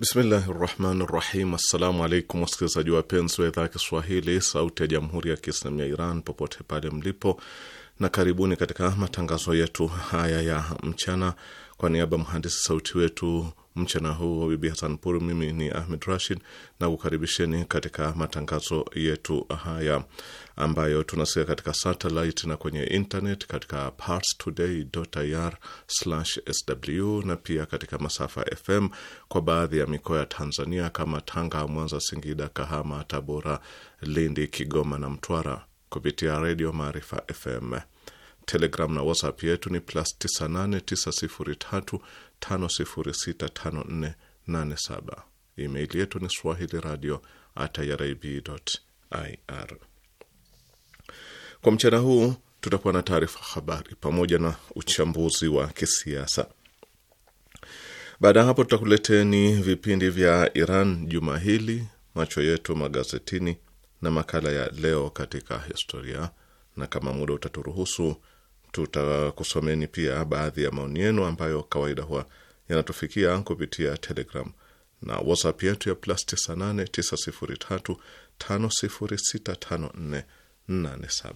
Bismillahi rahmani rahim. Assalamu alaikum wasikilizaji wapenzi wa idhaa ya Kiswahili sauti ya jamhuri ya Kiislamu ya Iran popote pale mlipo, na karibuni katika matangazo yetu haya ya mchana. Kwa niaba mhandisi sauti wetu mchana huu wa Bibi Pur. Mimi ni Ahmed Rashid na kukaribisheni katika matangazo yetu haya ambayo tunasikia katika satellite na kwenye internet katika parstoday.ir/sw na pia katika masafa FM kwa baadhi ya mikoa ya Tanzania kama Tanga, Mwanza, Singida, Kahama, Tabora, Lindi, Kigoma na Mtwara kupitia Redio Maarifa FM. Telegram na WhatsApp yetu ni plus 989035065487. Email yetu ni swahili radio at irib ir. Kwa mchana huu tutakuwa na taarifa habari pamoja na uchambuzi wa kisiasa. Baada ya hapo, tutakuleteni vipindi vya Iran juma hili, macho yetu magazetini na makala ya leo katika historia, na kama muda utaturuhusu tutakusomeni pia baadhi ya maoni yenu ambayo kawaida huwa yanatufikia kupitia Telegram na WhatsApp yetu ya plus 98 903 5065487.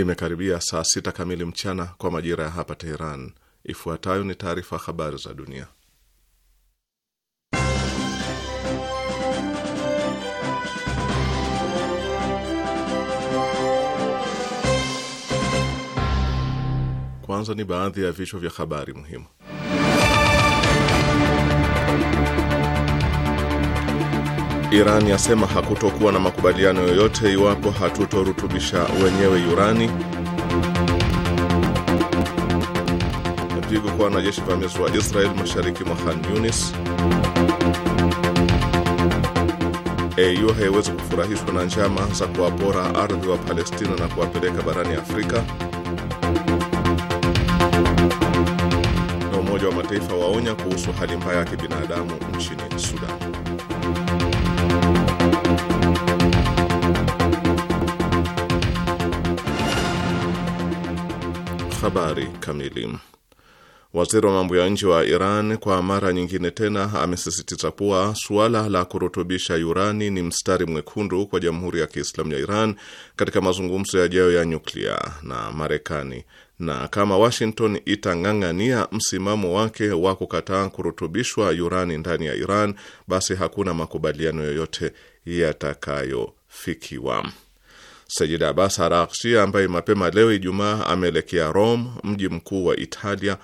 Imekaribia saa sita kamili mchana kwa majira ya hapa Teheran. Ifuatayo ni taarifa habari za dunia. Kwanza ni baadhi ya vichwa vya habari muhimu. Iran yasema hakutokuwa na makubaliano yoyote iwapo hatutorutubisha wenyewe urani. Pigo kwa wanajeshi vamizi wa Israel mashariki mwa Khan Yunis. AU haiwezi kufurahishwa na njama za kuwapora ardhi wa Palestina na kuwapeleka barani Afrika. Na Umoja wa Mataifa waonya kuhusu hali mbaya ya kibinadamu nchini Sudan. Habari kamili. Waziri wa mambo ya nje wa Iran kwa mara nyingine tena amesisitiza kuwa suala la kurutubisha urani ni mstari mwekundu kwa Jamhuri ya Kiislamu ya Iran katika mazungumzo yajayo ya nyuklia na Marekani, na kama Washington itang'ang'ania msimamo wake wa kukataa kurutubishwa urani ndani ya Iran, basi hakuna makubaliano yoyote yatakayofikiwa. Sajid Abbas Arakshi ambaye mapema leo Ijumaa ameelekea Rome, mji mkuu wa Italia,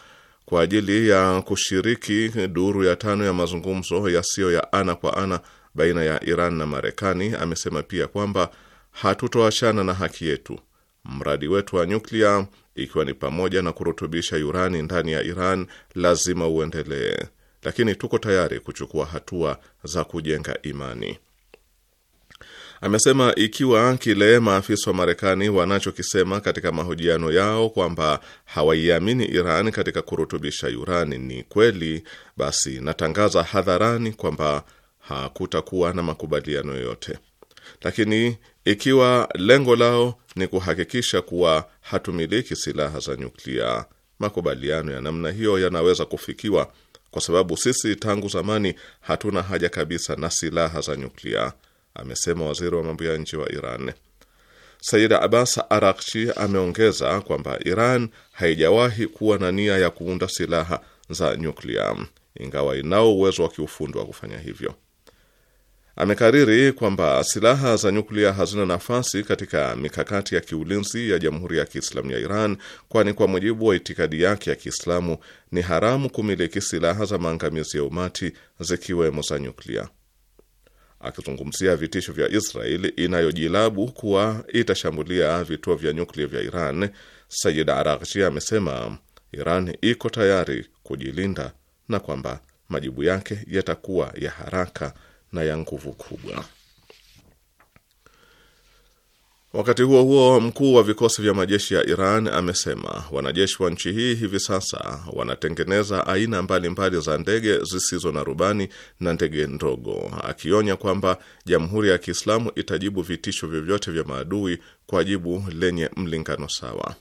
kwa ajili ya kushiriki duru ya tano ya mazungumzo yasiyo ya ana kwa ana baina ya Iran na Marekani, amesema pia kwamba hatutoachana na haki yetu. Mradi wetu wa nyuklia, ikiwa ni pamoja na kurutubisha urani ndani ya Iran, lazima uendelee, lakini tuko tayari kuchukua hatua za kujenga imani. Amesema ikiwa kile maafisa wa Marekani wanachokisema katika mahojiano yao kwamba hawaiamini Iran katika kurutubisha urani ni kweli, basi natangaza hadharani kwamba hakutakuwa na makubaliano yoyote. Lakini ikiwa lengo lao ni kuhakikisha kuwa hatumiliki silaha za nyuklia, makubaliano ya namna hiyo yanaweza kufikiwa, kwa sababu sisi tangu zamani hatuna haja kabisa na silaha za nyuklia amesema waziri wa mambo ya nje wa Iran. Said Abbas Arakchi ameongeza kwamba Iran haijawahi kuwa na nia ya kuunda silaha za nyuklia, ingawa inao uwezo wa kiufundi wa kufanya hivyo. Amekariri kwamba silaha za nyuklia hazina nafasi katika mikakati ya kiulinzi ya Jamhuri ya Kiislamu ya Iran, kwani kwa mujibu wa itikadi yake ya Kiislamu ni haramu kumiliki silaha za maangamizi ya umati zikiwemo za nyuklia akizungumzia vitisho vya Israeli inayojilabu kuwa itashambulia vituo vya nyuklia vya Iran, Sayid Araghchi amesema Iran iko tayari kujilinda na kwamba majibu yake yatakuwa ya haraka na ya nguvu kubwa. Wakati huo huo, mkuu wa vikosi vya majeshi ya Iran amesema wanajeshi wa nchi hii hivi sasa wanatengeneza aina mbalimbali za ndege zisizo na rubani na ndege ndogo, akionya kwamba Jamhuri ya Kiislamu itajibu vitisho vyovyote vya maadui kwa jibu lenye mlingano sawa.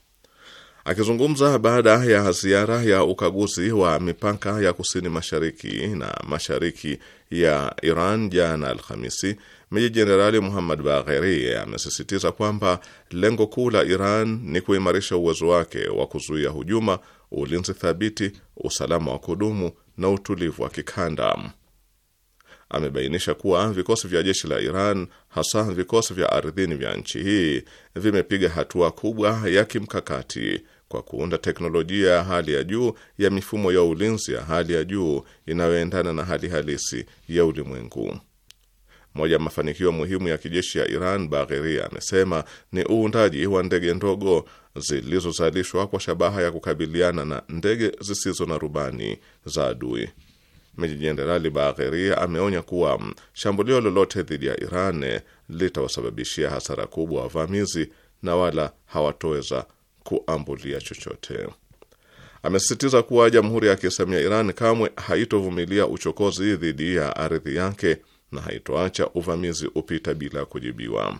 Akizungumza baada ya ziara ya ukaguzi wa mipaka ya kusini mashariki na mashariki ya Iran jana Alhamisi, Meja Jenerali Muhammad Bagheri amesisitiza kwamba lengo kuu la Iran ni kuimarisha uwezo wake wa kuzuia hujuma, ulinzi thabiti, usalama wa kudumu na utulivu wa kikanda. Amebainisha kuwa vikosi vya jeshi la Iran, hasa vikosi vya ardhini vya nchi hii, vimepiga hatua kubwa ya kimkakati kwa kuunda teknolojia ya hali ya juu ya mifumo ya ulinzi ya hali ya juu inayoendana na hali halisi ya ulimwengu. Moja ya mafanikio muhimu ya kijeshi ya Iran, Bagheri amesema ni uundaji wa ndege ndogo zilizozalishwa kwa shabaha ya kukabiliana na ndege zisizo na rubani za adui. Meji Jenerali Bagheri ameonya kuwa shambulio lolote dhidi ya Iran litawasababishia hasara kubwa wavamizi na wala hawatoweza kuambulia chochote. Amesisitiza kuwa Jamhuri ya Kiislamu ya Iran kamwe haitovumilia uchokozi dhidi ya ardhi yake na haitoacha uvamizi upita bila kujibiwa.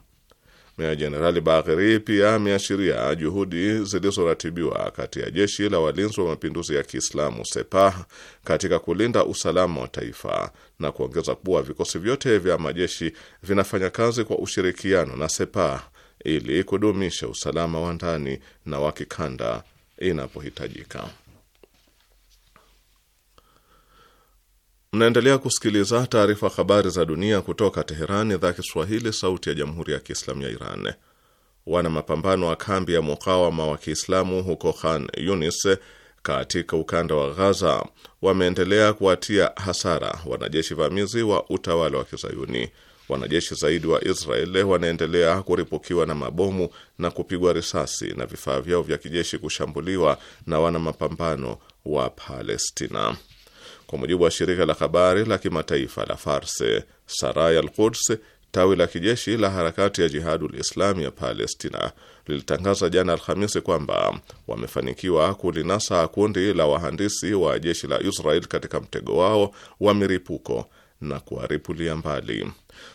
Meya Jenerali Bagheri pia ameashiria juhudi zilizoratibiwa kati ya jeshi la walinzi wa mapinduzi ya Kiislamu Sepah katika kulinda usalama wa taifa na kuongeza kuwa vikosi vyote vya majeshi vinafanya kazi kwa ushirikiano na Sepah ili kudumisha usalama wa ndani na wa kikanda inapohitajika. Mnaendelea kusikiliza taarifa habari za dunia kutoka Teherani, idhaa Kiswahili, sauti ya jamhuri ya kiislamu ya Iran. Wana mapambano wa kambi ya mukawama wa kiislamu huko Khan Yunis katika ukanda wa Ghaza wameendelea kuwatia hasara wanajeshi vamizi wa utawala wa Kizayuni. Wanajeshi zaidi wa Israeli wanaendelea kuripukiwa na mabomu na kupigwa risasi na vifaa vyao vya kijeshi kushambuliwa na wana mapambano wa Palestina. Kwa mujibu wa shirika la habari la kimataifa la farse Saraya al Quds, tawi la kijeshi la harakati ya Jihadul Islami ya Palestina, lilitangaza jana Alhamisi kwamba wamefanikiwa kulinasa kundi la wahandisi wa jeshi la Israel katika mtego wao wa miripuko na kuwaripulia mbali.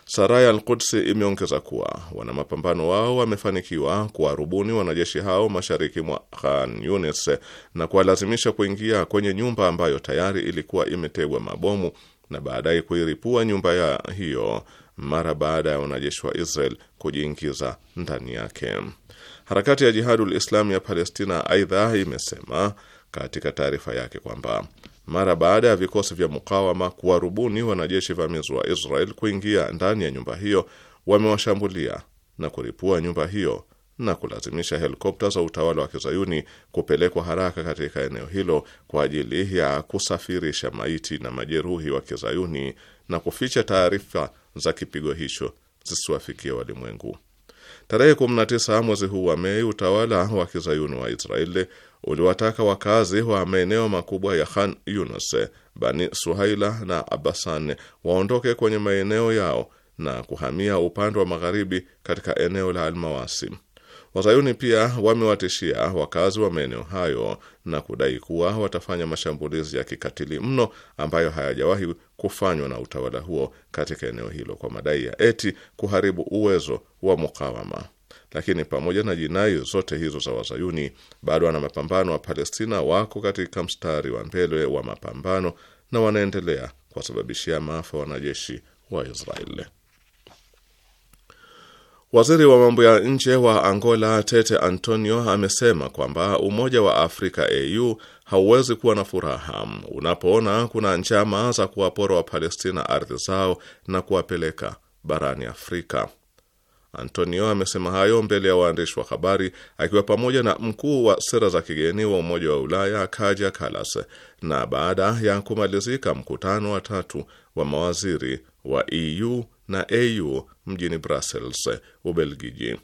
Sarai al kudsi imeongeza kuwa wanamapambano wao wamefanikiwa kuwarubuni wanajeshi hao mashariki mwa Khan Yunis na kuwalazimisha kuingia kwenye nyumba ambayo tayari ilikuwa imetegwa mabomu na baadaye kuiripua nyumba ya hiyo mara baada ya wanajeshi wa Israel kujiingiza ndani yake. Harakati ya Jihadul Islam ya Palestina aidha imesema katika taarifa yake kwamba mara baada ya vikosi vya mukawama kuwarubuni wanajeshi vamizi wa Israel kuingia ndani ya nyumba hiyo, wamewashambulia na kulipua nyumba hiyo na kulazimisha helikopta za utawala wa kizayuni kupelekwa haraka katika eneo hilo kwa ajili ya kusafirisha maiti na majeruhi wa kizayuni na kuficha taarifa za kipigo hicho zisiwafikia walimwengu. Tarehe 19 mwezi huu wa Mei, utawala wa kizayuni wa Israeli uliwataka wakazi wa maeneo makubwa ya Khan Yunus, Bani Suhaila na Abasan waondoke kwenye maeneo yao na kuhamia upande wa magharibi katika eneo la Almawasi. Wazayuni pia wamewatishia wakazi wa maeneo hayo na kudai kuwa watafanya mashambulizi ya kikatili mno ambayo hayajawahi kufanywa na utawala huo katika eneo hilo kwa madai ya eti kuharibu uwezo wa mukawama. Lakini pamoja na jinai zote hizo za Wazayuni, bado wana mapambano wa Palestina wako katika mstari wa mbele wa mapambano na wanaendelea kuwasababishia maafa wanajeshi wa Israeli. Waziri wa mambo ya nje wa Angola Tete Antonio amesema kwamba Umoja wa Afrika AU hauwezi kuwa na furaha unapoona kuna njama za kuwapora Wapalestina ardhi zao na kuwapeleka barani Afrika. Antonio amesema hayo mbele ya waandishi wa habari akiwa pamoja na mkuu wa sera za kigeni wa Umoja wa Ulaya Kaja Kalas, na baada ya kumalizika mkutano wa tatu wa mawaziri wa EU na AU mjini Brussels, Ubelgiji.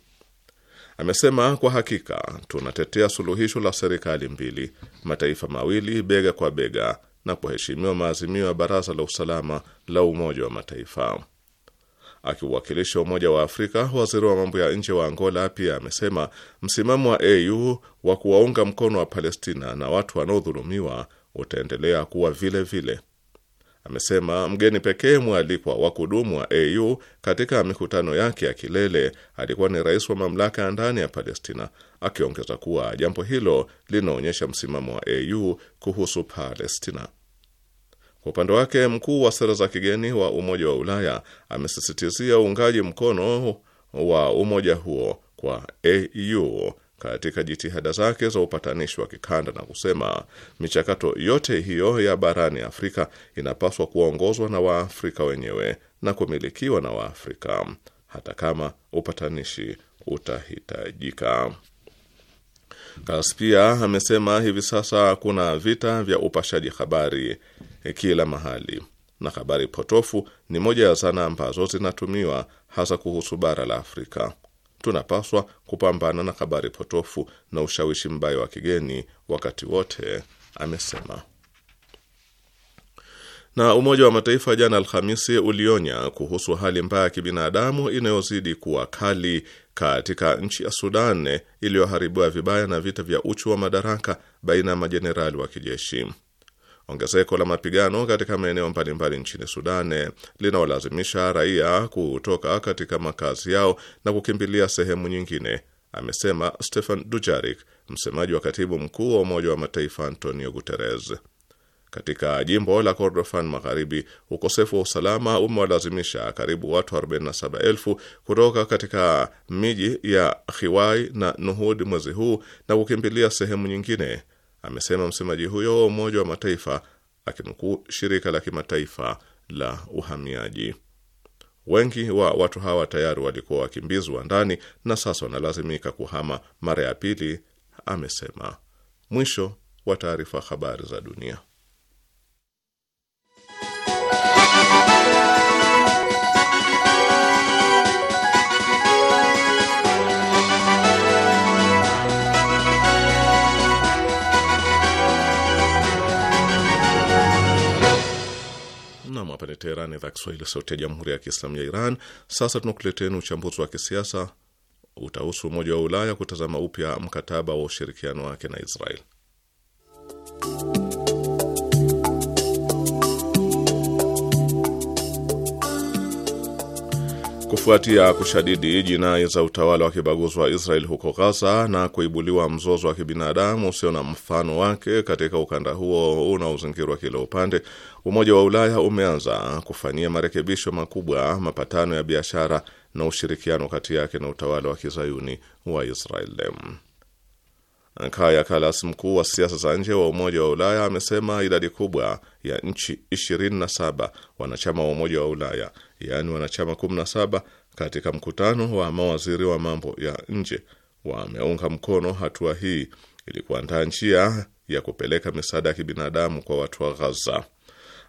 Amesema kwa hakika tunatetea suluhisho la serikali mbili, mataifa mawili bega kwa bega, na kuheshimiwa maazimio ya Baraza la Usalama la Umoja wa Mataifa. Akiuwakilisha Umoja wa Afrika, waziri wa mambo ya nje wa Angola pia amesema msimamo wa AU wa kuwaunga mkono wa Palestina na watu wanaodhulumiwa utaendelea kuwa vile vile. Amesema mgeni pekee mwalikwa wa kudumu wa AU katika mikutano yake ya kilele alikuwa ni rais wa mamlaka ya ndani ya Palestina, akiongeza kuwa jambo hilo linaonyesha msimamo wa AU kuhusu Palestina. Kwa upande wake mkuu wa sera za kigeni wa Umoja wa Ulaya amesisitizia uungaji mkono wa umoja huo kwa AU katika jitihada zake za upatanishi wa kikanda na kusema michakato yote hiyo ya barani Afrika inapaswa kuongozwa na Waafrika wenyewe na kumilikiwa na Waafrika hata kama upatanishi utahitajika pia amesema hivi sasa kuna vita vya upashaji habari eh, kila mahali na habari potofu ni moja ya zana ambazo zinatumiwa hasa kuhusu bara la Afrika. Tunapaswa kupambana na habari potofu na ushawishi mbaya wa kigeni wakati wote, amesema. Na Umoja wa Mataifa jana Alhamisi ulionya kuhusu hali mbaya ya kibinadamu inayozidi kuwa kali katika nchi ya Sudan iliyoharibiwa vibaya na vita vya uchu wa madaraka baina ya majenerali wa kijeshi. Ongezeko la mapigano katika maeneo mbalimbali nchini Sudan linawalazimisha raia kutoka katika makazi yao na kukimbilia sehemu nyingine, amesema Stefan Dujarik, msemaji wa katibu mkuu wa Umoja wa Mataifa Antonio Guterres. Katika jimbo la Kordofan Magharibi, ukosefu wa usalama umewalazimisha karibu watu 47,000 kutoka katika miji ya Khiwai na Nuhud mwezi huu na kukimbilia sehemu nyingine, amesema msemaji huyo wa Umoja wa Mataifa akinukuu shirika la kimataifa la uhamiaji. Wengi wa watu hawa tayari walikuwa wakimbizwa ndani na sasa wanalazimika kuhama mara ya pili, amesema. Mwisho wa taarifa. Habari za dunia. nam hapa ni Teherani, idhaa Kiswahili, sauti ya jamhuri ya kiislamu ya Iran. Sasa tunakuleteni uchambuzi wa kisiasa utahusu umoja wa Ulaya kutazama upya mkataba wa ushirikiano wake na Israel. Kufuatia kushadidi jinai za utawala wa kibaguzi wa Israel huko Gaza na kuibuliwa mzozo wa kibinadamu usio na mfano wake katika ukanda huo unaozingirwa kila upande, Umoja wa Ulaya umeanza kufanyia marekebisho makubwa mapatano ya biashara na ushirikiano kati yake na utawala wa kizayuni wa Israel. Kaya Kalas, mkuu wa siasa za nje wa Umoja wa Ulaya, amesema idadi kubwa ya nchi 27 wanachama wa Umoja wa Ulaya, yaani wanachama 17 katika mkutano wa mawaziri wa mambo ya nje wameunga mkono hatua hii ili kuandaa njia ya kupeleka misaada ya kibinadamu kwa watu wa Ghaza.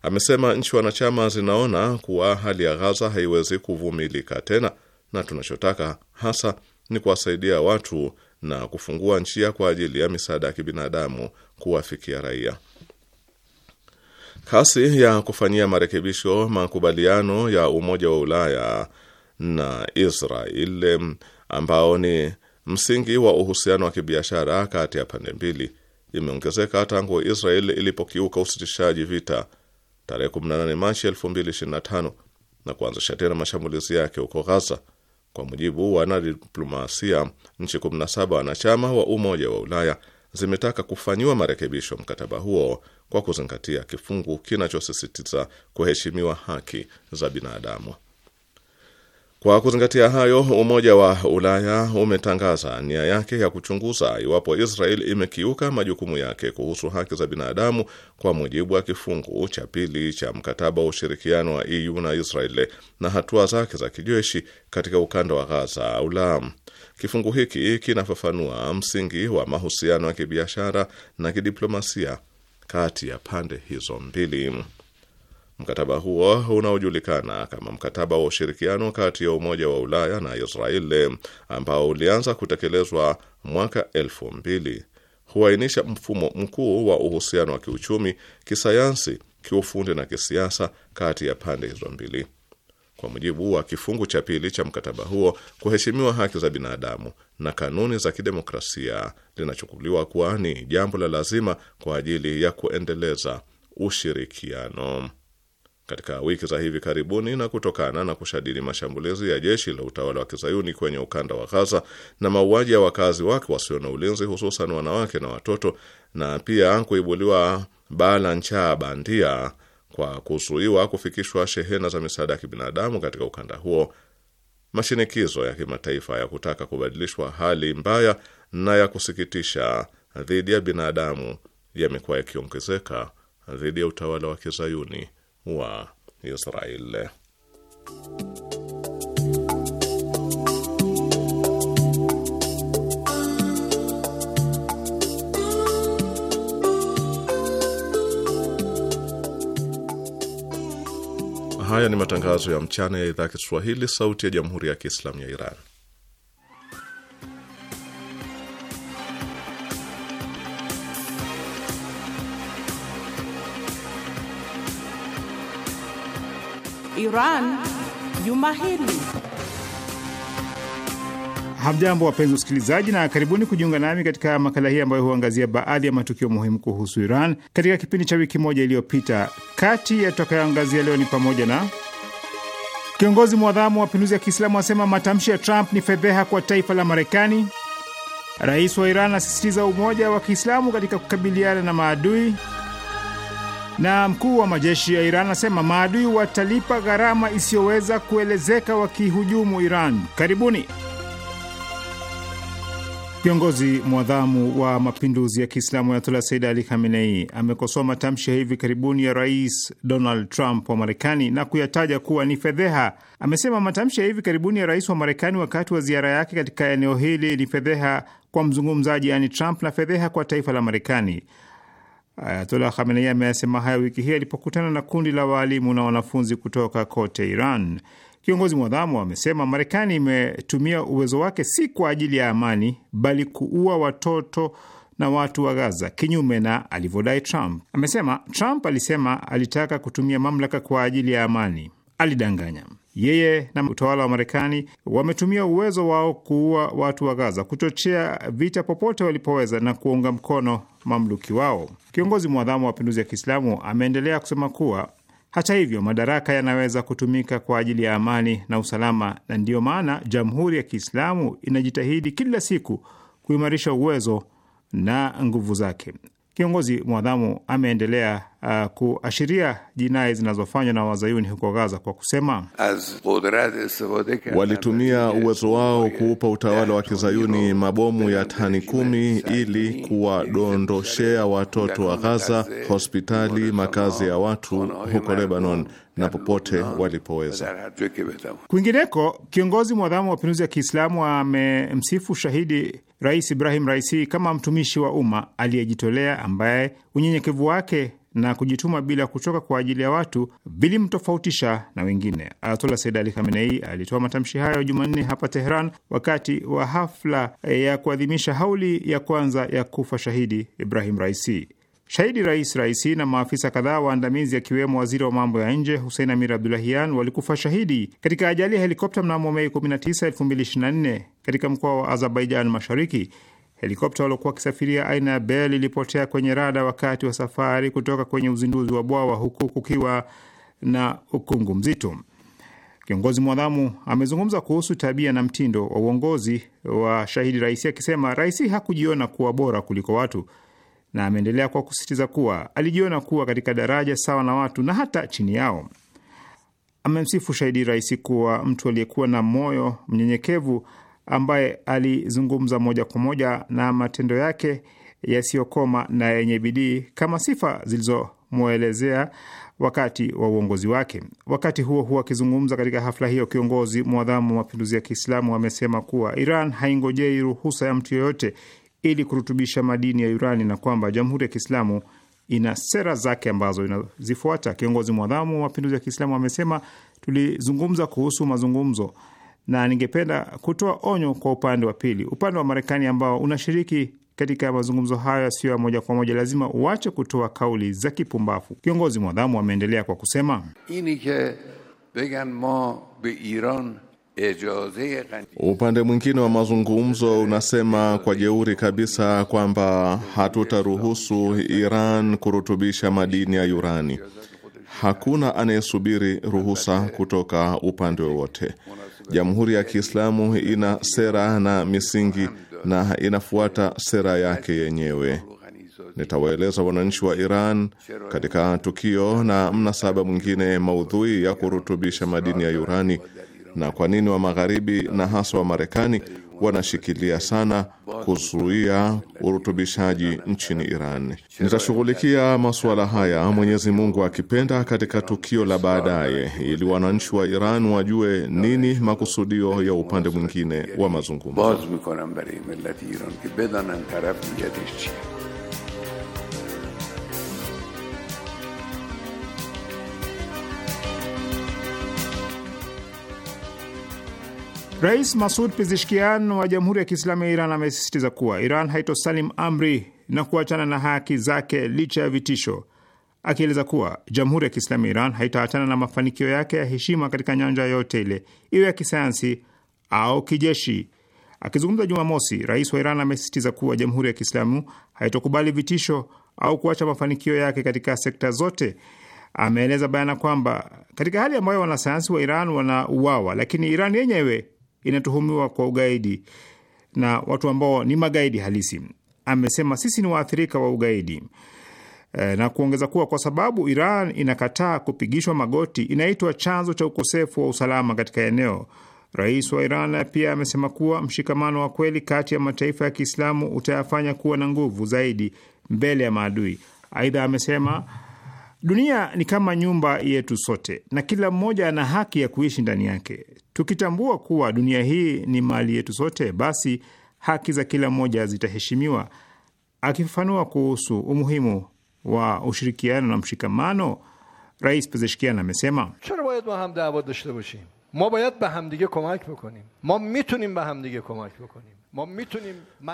Amesema nchi wanachama zinaona kuwa hali ya Ghaza haiwezi kuvumilika tena, na tunachotaka hasa ni kuwasaidia watu na kufungua njia kwa ajili ya misaada ya kibinadamu kuwafikia raia. Kasi ya kufanyia marekebisho makubaliano ya Umoja wa Ulaya na Israel ambao ni msingi wa uhusiano wa kibiashara kati ya pande mbili imeongezeka tangu Israel ilipokiuka usitishaji vita tarehe 18 Machi 2025 na kuanzisha tena mashambulizi yake huko ghaza kwa mujibu wa wanadiplomasia, nchi 17 wanachama wa Umoja wa Ulaya zimetaka kufanyiwa marekebisho mkataba huo kwa kuzingatia kifungu kinachosisitiza kuheshimiwa haki za binadamu. Kwa kuzingatia hayo, Umoja wa Ulaya umetangaza nia yake ya kuchunguza iwapo Israel imekiuka majukumu yake kuhusu haki za binadamu kwa mujibu wa kifungu cha pili cha mkataba wa ushirikiano wa EU na Israel na hatua zake za kijeshi katika ukanda wa Gaza au la. Kifungu hiki kinafafanua msingi wa mahusiano ya kibiashara na kidiplomasia kati ya pande hizo mbili. Mkataba huo unaojulikana kama mkataba wa ushirikiano kati ya Umoja wa Ulaya na Israeli ambao ulianza kutekelezwa mwaka elfu mbili huainisha mfumo mkuu wa uhusiano wa kiuchumi, kisayansi, kiufundi na kisiasa kati ya pande hizo mbili. Kwa mujibu wa kifungu cha pili cha mkataba huo, kuheshimiwa haki za binadamu na kanuni za kidemokrasia linachukuliwa kuwa ni jambo la lazima kwa ajili ya kuendeleza ushirikiano katika wiki za hivi karibuni na kutokana na kushadidi mashambulizi ya jeshi la utawala wa kizayuni kwenye ukanda wa Ghaza na mauaji ya wakazi wake wasio na ulinzi, hususan wanawake na watoto, na pia kuibuliwa baa la njaa bandia kwa kuzuiwa kufikishwa shehena za misaada ya kibinadamu katika ukanda huo, mashinikizo ya kimataifa ya kutaka kubadilishwa hali mbaya na ya kusikitisha dhidi ya binadamu yamekuwa yakiongezeka dhidi ya utawala wa kizayuni wa Israel. Haya ni matangazo ya mchana ya idhaa ya Kiswahili, sauti ya jamhuri ya kiislamu ya Iran. Iran juma hili. Hamjambo, wapenzi usikilizaji na karibuni kujiunga nami katika makala hii ambayo huangazia baadhi ya matukio muhimu kuhusu Iran katika kipindi cha wiki moja iliyopita. Kati ya tutakayoangazia leo ni pamoja na kiongozi mwadhamu wa mapinduzi ya Kiislamu asema matamshi ya Trump ni fedheha kwa taifa la Marekani, rais wa Iran asisitiza umoja wa Kiislamu katika kukabiliana na maadui na mkuu wa majeshi ya Iran anasema maadui watalipa gharama isiyoweza kuelezeka wakihujumu Iran. Karibuni. Kiongozi mwadhamu wa mapinduzi ya Kiislamu Ayatollah Said Ali Khamenei amekosoa matamshi ya hivi karibuni ya Rais Donald Trump wa Marekani na kuyataja kuwa ni fedheha. Amesema matamshi ya hivi karibuni ya rais wa Marekani wakati wa ziara yake katika eneo hili ni fedheha kwa mzungumzaji, yani Trump, na fedheha kwa taifa la Marekani. Ayatola Khamenei ameyasema hayo wiki hii alipokutana na kundi la waalimu na wanafunzi kutoka kote Iran. Kiongozi mwadhamu amesema Marekani imetumia uwezo wake si kwa ajili ya amani, bali kuua watoto na watu wa Gaza, kinyume na alivyodai Trump. Amesema Trump alisema alitaka kutumia mamlaka kwa ajili ya amani, alidanganya. Yeye na utawala wa Marekani wametumia uwezo wao kuua watu wa Gaza, kuchochea vita popote walipoweza na kuunga mkono mamluki wao. Kiongozi mwadhamu wa mapinduzi ya Kiislamu ameendelea kusema kuwa hata hivyo, madaraka yanaweza kutumika kwa ajili ya amani na usalama, na ndiyo maana Jamhuri ya Kiislamu inajitahidi kila siku kuimarisha uwezo na nguvu zake. Kiongozi mwadhamu ameendelea uh, kuashiria jinai zinazofanywa na wazayuni huko Gaza kwa kusema walitumia uwezo wao kuupa utawala wa kizayuni mabomu ya tani kumi ili kuwadondoshea watoto wa Gaza, hospitali, makazi ya watu huko Lebanon na popote walipoweza. Kwingineko, kiongozi mwadhamu wa mapinduzi ya Kiislamu amemsifu shahidi Rais Ibrahim Raisi kama mtumishi wa umma aliyejitolea, ambaye unyenyekevu wake na kujituma bila kuchoka kwa ajili ya watu vilimtofautisha na wengine. Ayatola Said Ali Khamenei alitoa matamshi hayo Jumanne hapa Tehran wakati wa hafla ya kuadhimisha hauli ya kwanza ya kufa shahidi Ibrahim Raisi. Shahidi rais Raisi na maafisa kadhaa waandamizi akiwemo waziri wa mambo ya nje Husein Amir Abdulahian walikufa shahidi katika ajali ya helikopta mnamo Mei 19, 2024 katika mkoa wa Azerbaijan Mashariki. Helikopta waliokuwa wakisafiria aina ya Bell ilipotea kwenye rada wakati wa safari kutoka kwenye uzinduzi wa bwawa, huku kukiwa na ukungu mzito. Kiongozi mwadhamu amezungumza kuhusu tabia na mtindo wa uongozi wa shahidi Raisi akisema, Raisi hakujiona kuwa bora kuliko watu na ameendelea kwa kusisitiza kuwa alijiona kuwa katika daraja sawa na watu na hata chini yao. Amemsifu shahidi rais kuwa mtu aliyekuwa na moyo mnyenyekevu, ambaye alizungumza moja kwa moja na matendo yake yasiyokoma na yenye bidii kama sifa zilizomwelezea wakati wa uongozi wake. Wakati huo huo, akizungumza katika hafla hiyo, kiongozi mwadhamu wa mapinduzi ya Kiislamu amesema kuwa Iran haingojei ruhusa ya mtu yoyote ili kurutubisha madini ya urani na kwamba Jamhuri ya Kiislamu ina sera zake ambazo inazifuata. Kiongozi mwadhamu wa mapinduzi ya Kiislamu amesema, tulizungumza kuhusu mazungumzo na ningependa kutoa onyo kwa upande wa pili, upande wa Marekani ambao unashiriki katika mazungumzo hayo yasiyo ya moja kwa moja, lazima uache kutoa kauli za kipumbafu. Kiongozi mwadhamu ameendelea kwa kusema began be iran Upande mwingine wa mazungumzo unasema kwa jeuri kabisa kwamba hatutaruhusu Iran kurutubisha madini ya urani. Hakuna anayesubiri ruhusa kutoka upande wowote. Jamhuri ya Kiislamu ina sera na misingi na inafuata sera yake yenyewe. Nitawaeleza wananchi wa Iran katika tukio na mnasaba mwingine maudhui ya kurutubisha madini ya urani na kwa nini wa Magharibi na hasa wa Marekani wanashikilia sana kuzuia urutubishaji nchini Iran. Nitashughulikia masuala haya Mwenyezi Mungu akipenda katika tukio la baadaye, ili wananchi wa Iran wajue nini makusudio ya upande mwingine wa mazungumzo. Rais Masud Pizishkian wa Jamhuri ya Kiislamu ya Iran amesisitiza kuwa Iran haitosalim amri na kuachana na haki zake licha ya vitisho, akieleza kuwa Jamhuri ya Kiislamu ya Iran haitaachana na mafanikio yake ya heshima katika nyanja yote ile, iwe ya kisayansi au kijeshi. Akizungumza Jumamosi, rais wa Iran amesisitiza kuwa Jamhuri ya Kiislamu haitokubali vitisho au kuacha mafanikio yake katika sekta zote. Ameeleza bayana kwamba katika hali ambayo wanasayansi wa Iran wanauawa, lakini Iran yenyewe inatuhumiwa kwa ugaidi na watu ambao ni magaidi halisi. Amesema sisi ni waathirika wa ugaidi e, na kuongeza kuwa kwa sababu Iran inakataa kupigishwa magoti inaitwa chanzo cha ukosefu wa usalama katika eneo. Rais wa Iran pia amesema kuwa mshikamano wa kweli kati ya mataifa ya Kiislamu utayafanya kuwa na nguvu zaidi mbele ya maadui. Aidha amesema dunia ni kama nyumba yetu sote na kila mmoja ana haki ya kuishi ndani yake. Tukitambua kuwa dunia hii ni mali yetu sote, basi haki za kila mmoja zitaheshimiwa. Akifafanua kuhusu umuhimu wa ushirikiano na mshikamano, Rais Pezeshkian amesema ma komak komak mitunim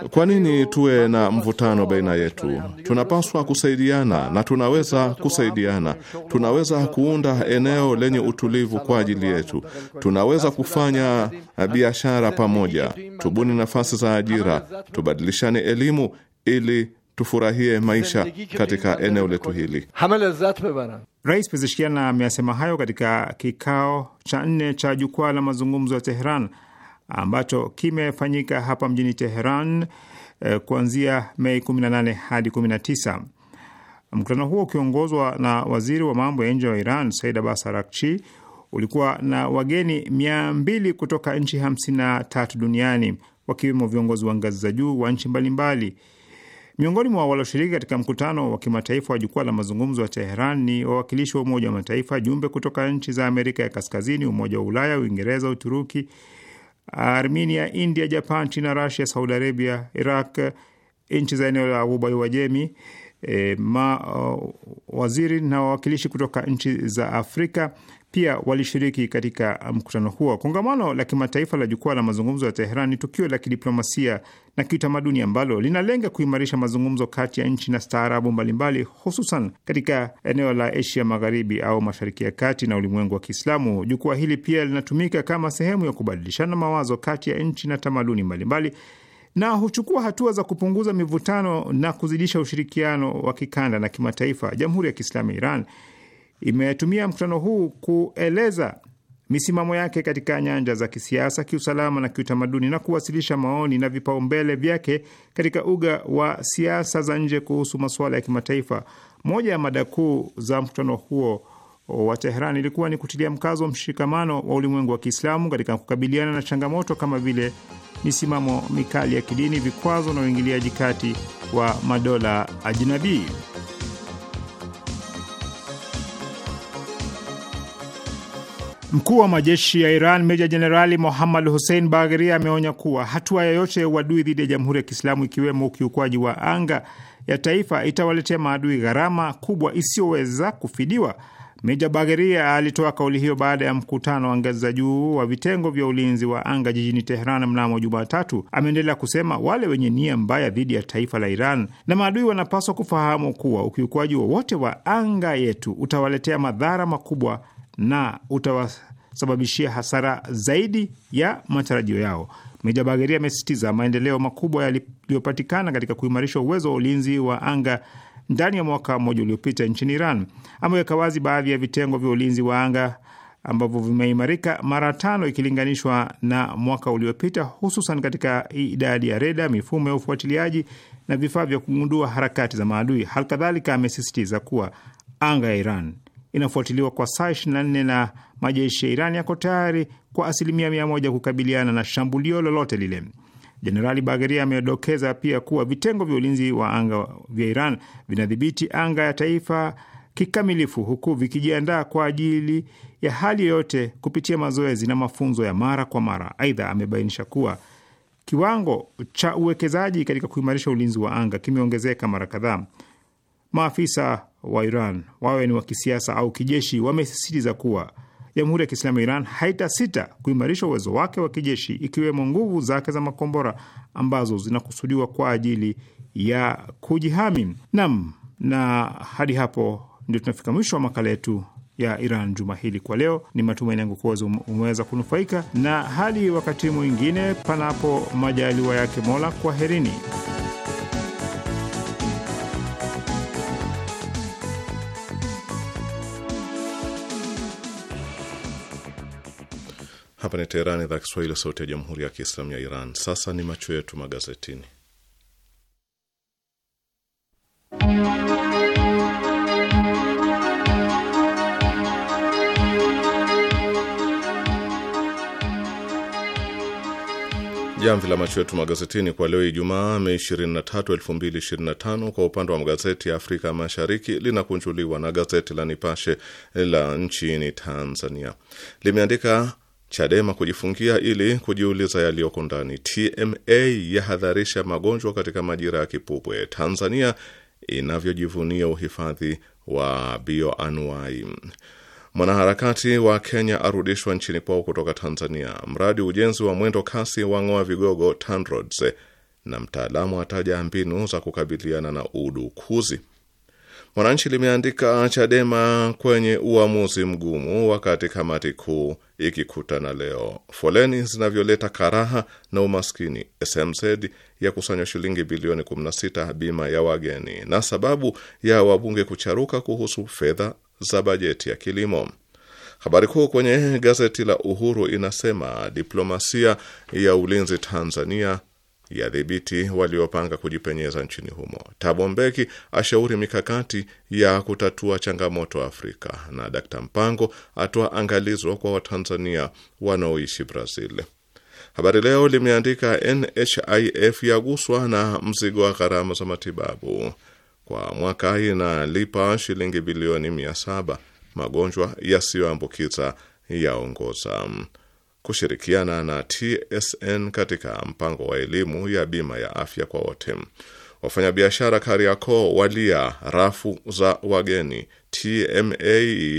kwa nini tuwe na mvutano baina yetu? Tunapaswa kusaidiana na tunaweza kusaidiana. Tunaweza kuunda eneo lenye utulivu kwa ajili yetu. Tunaweza kufanya eh, biashara pamoja, tubuni nafasi za ajira, tubadilishane elimu ili tufurahie maisha katika eneo letu hili. Rais Pezeshkian ameyasema hayo katika kikao cha nne cha jukwaa la mazungumzo ya Teheran ambacho kimefanyika hapa mjini Teheran eh, kuanzia Mei 18 hadi 19. Mkutano huo ukiongozwa na waziri wa mambo ya nje wa Iran Said Abbas Arakchi ulikuwa na wageni mia mbili kutoka nchi 53 na tatu duniani wakiwemo viongozi wa ngazi za juu wa nchi mbalimbali. Miongoni mwa walioshiriki katika mkutano wa kimataifa wa jukwaa la mazungumzo ya Teheran ni wawakilishi wa Umoja wa Mataifa, jumbe kutoka nchi za Amerika ya Kaskazini, Umoja wa Ulaya, Uingereza, Uturuki, Armenia, India, Japan, China, Rusia, Saudi Arabia, Iraq, nchi za eneo la ghuba ya Uajemi, e, eh, mawaziri eh, uh, na wawakilishi kutoka nchi za Afrika pia walishiriki katika um, mkutano huo. Kongamano la kimataifa la jukwaa la mazungumzo ya Teheran ni tukio la kidiplomasia na kiutamaduni ambalo linalenga kuimarisha mazungumzo kati ya nchi na staarabu mbalimbali, hususan katika eneo la Asia Magharibi au Mashariki ya Kati na ulimwengu wa Kiislamu. Jukwaa hili pia linatumika kama sehemu ya kubadilishana mawazo kati ya nchi na tamaduni mbalimbali na huchukua hatua za kupunguza mivutano na kuzidisha ushirikiano wa kikanda na kimataifa. Jamhuri ya Kiislamu ya Iran imetumia mkutano huu kueleza misimamo yake katika nyanja za kisiasa, kiusalama na kiutamaduni na kuwasilisha maoni na vipaumbele vyake katika uga wa siasa za nje kuhusu masuala ya kimataifa. Moja ya mada kuu za mkutano huo wa Teheran ilikuwa ni kutilia mkazo mshikamano wa ulimwengu wa Kiislamu katika kukabiliana na changamoto kama vile misimamo mikali ya kidini, vikwazo na uingiliaji kati wa madola ajinabii. Mkuu wa majeshi ya Iran meja jenerali Mohammad Hussein Bagheri ameonya kuwa hatua yoyote ya uadui dhidi ya Jamhuri ya Kiislamu, ikiwemo ukiukwaji wa anga ya taifa, itawaletea maadui gharama kubwa isiyoweza kufidiwa. Meja Bagheri alitoa kauli hiyo baada ya mkutano wa ngazi za juu wa vitengo vya ulinzi wa anga jijini Teheran mnamo Jumatatu. Ameendelea kusema wale wenye nia mbaya dhidi ya taifa la Iran na maadui wanapaswa kufahamu kuwa ukiukwaji wowote wa, wa anga yetu utawaletea madhara makubwa na utawasababishia hasara zaidi ya matarajio yao. Meja Bageria amesisitiza maendeleo makubwa yaliyopatikana katika kuimarisha uwezo wa ulinzi wa anga ndani ya mwaka mmoja uliopita nchini Iran. Ameweka wazi baadhi ya vitengo vya ulinzi wa anga ambavyo vimeimarika mara tano ikilinganishwa na mwaka uliopita, hususan katika idadi ya reda, mifumo ya ufuatiliaji na vifaa vya kugundua harakati za maadui. Halikadhalika, amesisitiza kuwa anga ya Iran inafuatiliwa kwa saa 24 na majeshi ya Iran yako tayari kwa asilimia mia moja kukabiliana na shambulio lolote lile. Jenerali Bagaria amedokeza pia kuwa vitengo vya ulinzi wa anga vya Iran vinadhibiti anga ya taifa kikamilifu huku vikijiandaa kwa ajili ya hali yoyote kupitia mazoezi na mafunzo ya mara kwa mara. Aidha, amebainisha kuwa kiwango cha uwekezaji katika kuimarisha ulinzi wa anga kimeongezeka mara kadhaa. Maafisa wa Iran wawe ni wa kisiasa au kijeshi, wamesisitiza kuwa Jamhuri ya Kiislamu ya Iran haitasita kuimarisha uwezo wake wa kijeshi, ikiwemo nguvu zake za makombora ambazo zinakusudiwa kwa ajili ya kujihami. Nam na hadi hapo ndio tunafika mwisho wa makala yetu ya Iran juma hili kwa leo. Ni matumaini yangu kuwa umeweza kunufaika, na hadi wakati mwingine, panapo majaliwa yake Mola, kwaherini. Hapa ni Teherani, idhaa Kiswahili, sauti ya jamhuri ya kiislamu ya Iran. Sasa ni macho yetu magazetini. Jamvi la macho yetu magazetini kwa leo Ijumaa, Mei 23, 2025, kwa upande wa magazeti ya Afrika Mashariki linakunjuliwa na gazeti la Nipashe la nchini Tanzania. Limeandika Chadema kujifungia ili kujiuliza yaliyoko ndani. TMA yahadharisha magonjwa katika majira ya kipupwe. Tanzania inavyojivunia uhifadhi wa bioanuai. Mwanaharakati wa Kenya arudishwa nchini kwao kutoka Tanzania. Mradi ujenzi wa mwendo kasi wang'oa vigogo TANROADS, na mtaalamu ataja mbinu za kukabiliana na udukuzi. Mwananchi limeandika Chadema kwenye uamuzi mgumu wakati kamati kuu ikikutana leo. Foleni zinavyoleta karaha na umaskini, SMZ ya kusanywa shilingi bilioni 16 bima ya wageni, na sababu ya wabunge kucharuka kuhusu fedha za bajeti ya kilimo. Habari kuu kwenye gazeti la Uhuru inasema diplomasia ya ulinzi Tanzania ya dhibiti waliopanga kujipenyeza nchini humo. Thabo Mbeki ashauri mikakati ya kutatua changamoto Afrika, na Dkta Mpango atoa angalizo kwa Watanzania wanaoishi Brazil. Habari Leo limeandika NHIF yaguswa na mzigo wa gharama za matibabu kwa mwaka inalipa shilingi bilioni mia saba. Magonjwa yasiyoambukiza yaongoza kushirikiana na TSN katika mpango wa elimu ya bima ya afya kwa wote. Wafanyabiashara Kariakoo walia rafu za wageni. TMA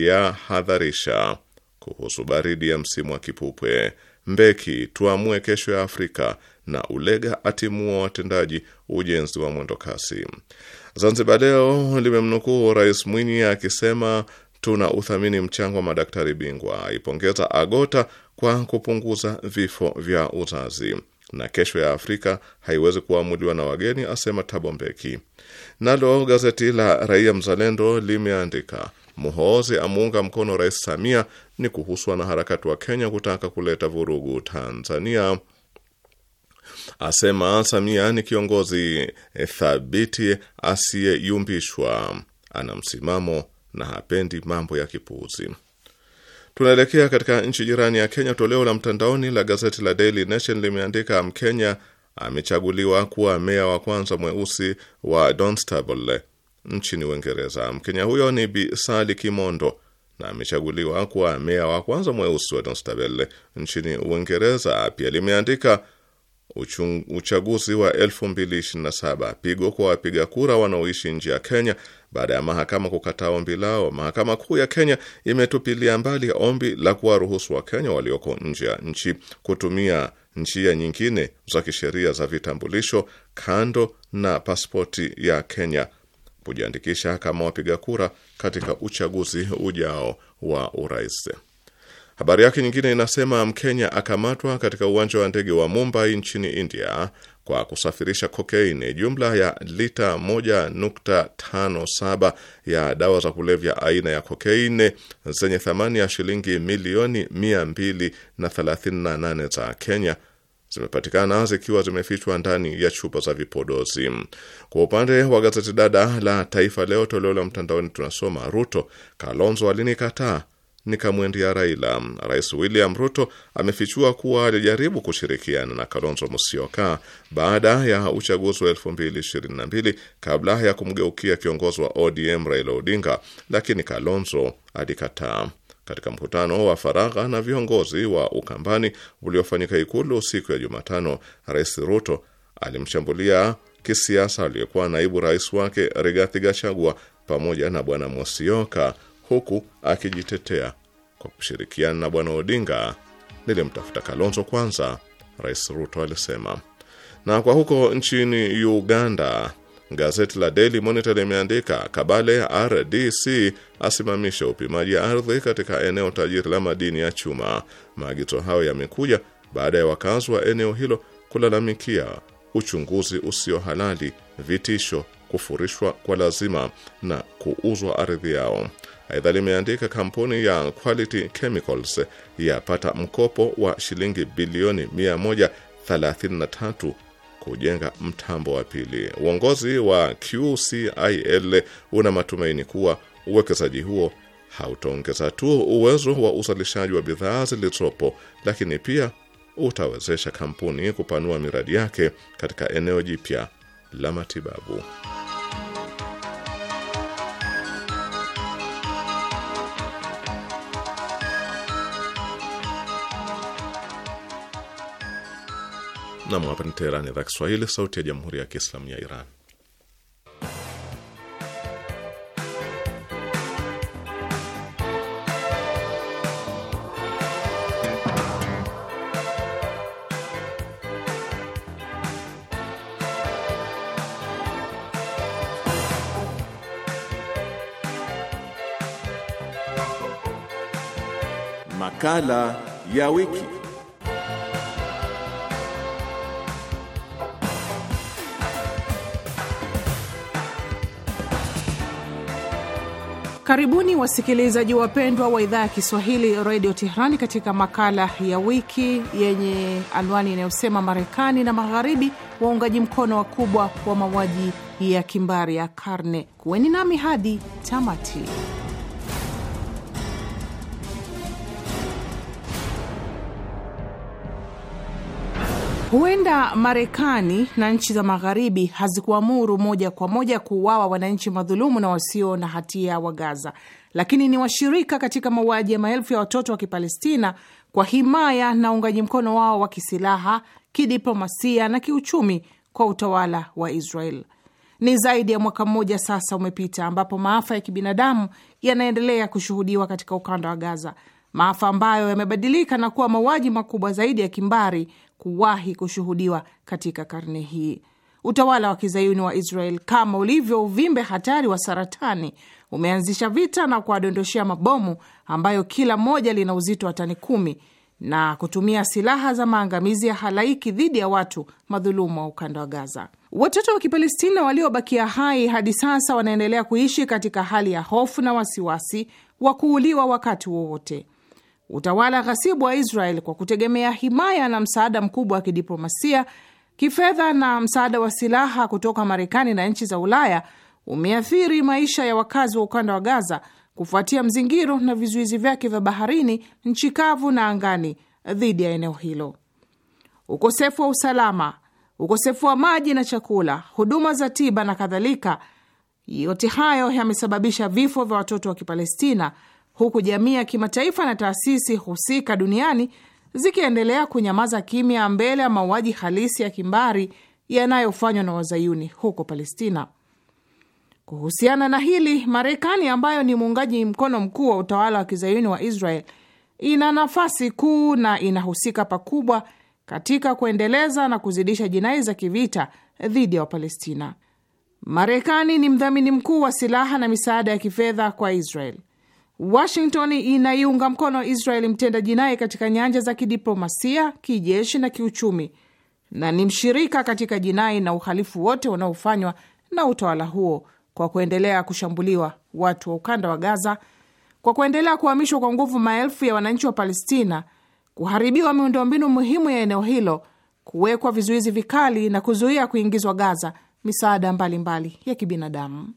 ya hadharisha kuhusu baridi ya msimu wa kipupwe. Mbeki tuamue kesho ya Afrika na Ulega atimua watendaji ujenzi wa mwendokasi. Zanzibar Leo limemnukuu Rais Mwinyi akisema tuna uthamini mchango wa madaktari bingwa, aipongeza Agota kwa kupunguza vifo vya uzazi na kesho ya Afrika haiwezi kuamuliwa na wageni, asema tabombeki Mbeki. Nalo gazeti la Raia Mzalendo limeandika Muhoozi amuunga mkono Rais Samia ni kuhusu wanaharakati wa Kenya kutaka kuleta vurugu Tanzania, asema Samia ni kiongozi eh, thabiti asiyeyumbishwa, ana msimamo na hapendi mambo ya kipuuzi. Tunaelekea katika nchi jirani ya Kenya. Toleo la mtandaoni la gazeti la Daily Nation limeandika Mkenya amechaguliwa kuwa meya wa kwanza mweusi wa Dunstable nchini Uingereza. Mkenya huyo ni Bi Sally Kimondo na amechaguliwa kuwa meya wa kwanza mweusi wa Dunstable nchini Uingereza. Pia limeandika uchaguzi wa 2027 pigo kwa wapiga kura wanaoishi nje ya Kenya baada ya mahakama kukataa ombi lao. Mahakama Kuu ya Kenya imetupilia mbali ombi la kuwaruhusu Wakenya walioko nje ya nchi kutumia njia nyingine za kisheria za vitambulisho kando na pasipoti ya Kenya kujiandikisha kama wapiga kura katika uchaguzi ujao wa urais. Habari yake nyingine inasema Mkenya akamatwa katika uwanja wa ndege wa Mumbai nchini India kwa kusafirisha kokeini, jumla ya lita 1.57 ya dawa za kulevya aina ya kokeini zenye thamani ya shilingi milioni 238 za Kenya zimepatikana zikiwa zimefichwa ndani ya chupa za vipodozi. Kwa upande wa gazeti dada la Taifa Leo toleo la mtandaoni tunasoma Ruto, Kalonzo alinikataa nikamwendea Raila. Rais William Ruto amefichua kuwa alijaribu kushirikiana na Kalonzo Musyoka baada ya uchaguzi wa 2022 kabla ya kumgeukia kiongozi wa ODM Raila Odinga, lakini Kalonzo alikataa. Katika mkutano wa faragha na viongozi wa Ukambani uliofanyika Ikulu siku ya Jumatano, Rais Ruto alimshambulia kisiasa aliyekuwa naibu rais wake Rigathi Gachagua pamoja na Bwana Musyoka huku akijitetea kwa kushirikiana na bwana Odinga. Nilimtafuta Kalonzo kwanza, Rais Ruto alisema. Na kwa huko nchini Uganda, gazeti la Daily Monitor limeandika Kabale RDC asimamisha upimaji ardhi katika eneo tajiri la madini ya chuma. Maagizo hayo yamekuja baada ya wakazi wa eneo hilo kulalamikia uchunguzi usio halali, vitisho, kufurishwa kwa lazima na kuuzwa ardhi yao. Aidha, limeandika kampuni ya Quality Chemicals yapata mkopo wa shilingi bilioni 133 kujenga mtambo wa pili. Uongozi wa QCIL una matumaini kuwa uwekezaji huo hautaongeza tu uwezo wa uzalishaji wa bidhaa zilizopo, lakini pia utawezesha kampuni kupanua miradi yake katika eneo jipya la matibabu. Nam, hapa ni Teherani, idhaa Kiswahili, sauti ya jamhuri ya kiislamu ya Iran. Makala ya wiki. Karibuni wasikilizaji wapendwa wa idhaa ya Kiswahili redio Tehrani katika makala ya wiki yenye anwani inayosema Marekani na Magharibi, waungaji mkono wakubwa wa mauaji ya kimbari ya karne. Kuweni nami hadi tamati. Huenda Marekani na nchi za Magharibi hazikuamuru moja kwa moja kuuawa wananchi madhulumu na wasio na hatia wa Gaza, lakini ni washirika katika mauaji ya maelfu ya watoto wa Kipalestina kwa himaya na uungaji mkono wao wa kisilaha, kidiplomasia na kiuchumi kwa utawala wa Israel. Ni zaidi ya mwaka mmoja sasa umepita ambapo maafa ya kibinadamu yanaendelea kushuhudiwa katika ukanda wa Gaza, maafa ambayo yamebadilika na kuwa mauaji makubwa zaidi ya kimbari kuwahi kushuhudiwa katika karne hii. Utawala wa kizayuni wa Israel, kama ulivyo uvimbe hatari wa saratani, umeanzisha vita na kuwadondoshea mabomu ambayo kila moja lina uzito wa tani kumi na kutumia silaha za maangamizi ya halaiki dhidi ya watu madhulumu wa ukanda wa Gaza. Watoto wa Kipalestina waliobakia hai hadi sasa wanaendelea kuishi katika hali ya hofu na wasiwasi wa kuuliwa wakati wowote. Utawala ghasibu wa Israel kwa kutegemea himaya na msaada mkubwa wa kidiplomasia, kifedha na msaada wa silaha kutoka Marekani na nchi za Ulaya umeathiri maisha ya wakazi wa ukanda wa Gaza kufuatia mzingiro na vizuizi vyake vya baharini, nchi kavu na angani dhidi ya eneo hilo. Ukosefu wa usalama, ukosefu wa maji na chakula, huduma za tiba na kadhalika, yote hayo yamesababisha vifo vya watoto wa Kipalestina huku jamii ya kimataifa na taasisi husika duniani zikiendelea kunyamaza kimya mbele ya mauaji halisi ya kimbari yanayofanywa na wazayuni huko Palestina. Kuhusiana na hili, Marekani ambayo ni muungaji mkono mkuu wa utawala wa kizayuni wa Israel ina nafasi kuu na inahusika pakubwa katika kuendeleza na kuzidisha jinai za kivita dhidi ya Wapalestina. Marekani ni mdhamini mkuu wa silaha na misaada ya kifedha kwa Israel. Washington inaiunga mkono Israeli mtenda jinai katika nyanja za kidiplomasia, kijeshi na kiuchumi, na ni mshirika katika jinai na uhalifu wote unaofanywa na utawala huo kwa kuendelea kushambuliwa watu wa ukanda wa Gaza, kwa kuendelea kuhamishwa kwa nguvu maelfu ya wananchi wa Palestina, kuharibiwa miundombinu muhimu ya eneo hilo, kuwekwa vizuizi vikali na kuzuia kuingizwa Gaza misaada mbalimbali mbali ya kibinadamu.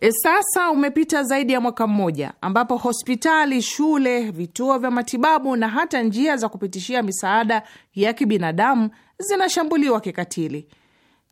E, sasa umepita zaidi ya mwaka mmoja ambapo hospitali, shule, vituo vya matibabu na hata njia za kupitishia misaada ya kibinadamu zinashambuliwa kikatili.